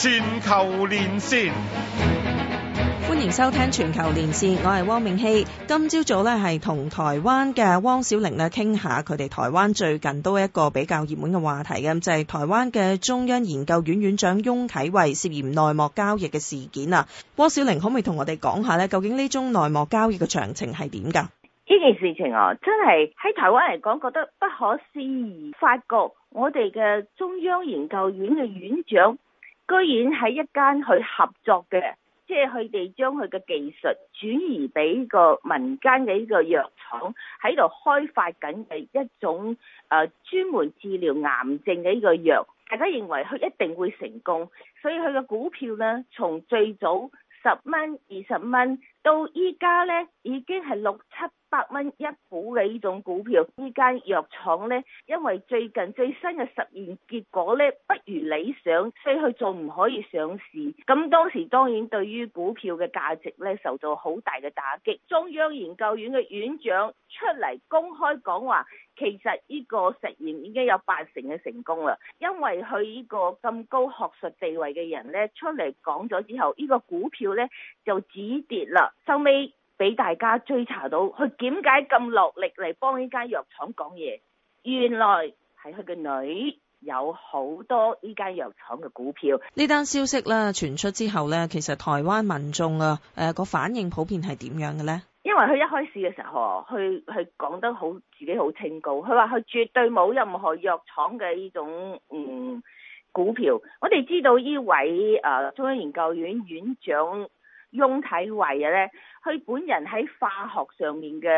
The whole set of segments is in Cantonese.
全球連線，歡迎收聽全球連線。我係汪溟曦，今朝早咧係同台灣嘅汪小玲咧傾下佢哋台灣最近都有一個比較熱門嘅話題嘅，就係台灣嘅中央研究院院長翁啟惠涉嫌內幕交易嘅事件啊。汪小玲可唔可以同我哋講下呢？究竟呢宗內幕交易嘅詳情係點噶？呢件事情啊，真係喺台灣嚟講覺得不可思議。發覺我哋嘅中央研究院嘅院長。居然喺一間佢合作嘅，即係佢哋將佢嘅技術轉移俾個民間嘅呢個藥廠，喺度開發緊嘅一種誒專門治療癌症嘅呢個藥，大家認為佢一定會成功，所以佢嘅股票呢，從最早十蚊二十蚊到依家呢，已經係六七。百蚊一股嘅呢種股票，呢間藥廠呢，因為最近最新嘅實驗結果呢，不如理想，所以佢仲唔可以上市。咁當時當然對於股票嘅價值呢，受到好大嘅打擊。中央研究院嘅院長出嚟公開講話，其實呢個實驗已經有八成嘅成功啦。因為佢呢個咁高學術地位嘅人呢，出嚟講咗之後，呢個股票呢就止跌啦。收尾。俾大家追查到，佢點解咁落力嚟幫呢間藥廠講嘢？原來係佢嘅女有好多呢間藥廠嘅股票。呢單消息咧傳出之後咧，其實台灣民眾啊，誒個反應普遍係點樣嘅咧？因為佢一開始嘅時候，佢佢講得好自己好清高，佢話佢絕對冇任何藥廠嘅呢種嗯股票。我哋知道呢位、啊、中央研究院院長，翁啟惠咧，佢本人喺化學上面嘅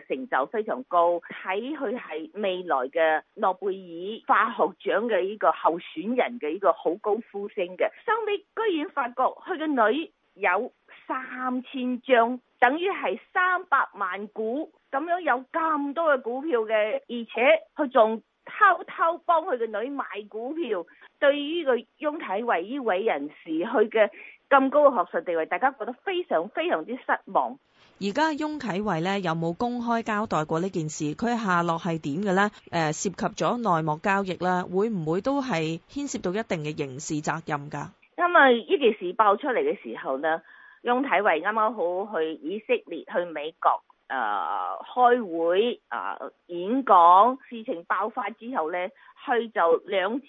誒成就非常高，睇佢係未來嘅諾貝爾化學獎嘅呢個候選人嘅呢個好高呼聲嘅，收尾居然發覺佢嘅女有三千張，等於係三百萬股咁樣有咁多嘅股票嘅，而且佢仲。偷偷幫佢個女買股票，對於個翁啟惠呢位人士，佢嘅咁高嘅學術地位，大家覺得非常非常之失望。而家翁啟惠呢，有冇公開交代過呢件事？佢下落係點嘅呢？誒、呃，涉及咗內幕交易啦，會唔會都係牽涉到一定嘅刑事責任噶？因為呢件事爆出嚟嘅時候呢，翁啟惠啱啱好去以色列，去美國。誒、呃、開會啊，呃、演講，事情爆發之後呢，佢就兩次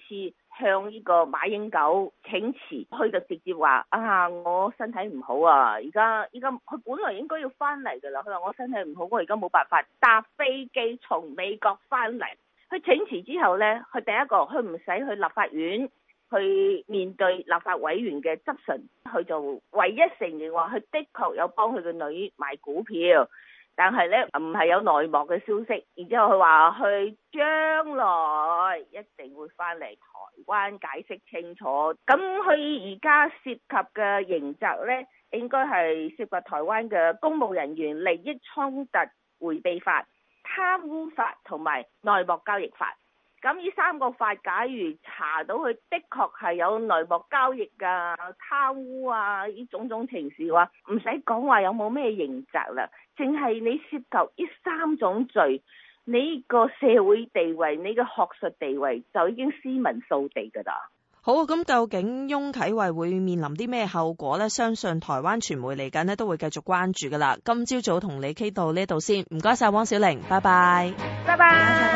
向呢個馬英九請辭。佢就直接話啊，我身體唔好啊，而家而家佢本來應該要翻嚟㗎啦。佢話我身體唔好，我而家冇辦法搭飛機從美國翻嚟。佢請辭之後呢，佢第一個佢唔使去立法院去面對立法委員嘅質詢，佢就唯一承認話佢的確有幫佢個女買股票。但係咧，唔係有內幕嘅消息，然之後佢話去將來一定會翻嚟台灣解釋清楚。咁佢而家涉及嘅刑責咧，應該係涉及台灣嘅公務人員利益衝突回避法、貪污法同埋內幕交易法。咁呢三個法，假如查到佢的確係有內幕交易啊、貪污啊呢種種情事嘅話，唔使講話有冇咩刑責啦，淨係你涉及呢三種罪，你個社會地位、你嘅學術地位就已經斯文掃地㗎啦。好，咁究竟翁啟惠會面臨啲咩後果呢？相信台灣傳媒嚟緊呢，都會繼續關注㗎啦。今朝早同你傾到呢度先，唔該晒，汪小玲，拜拜，拜拜。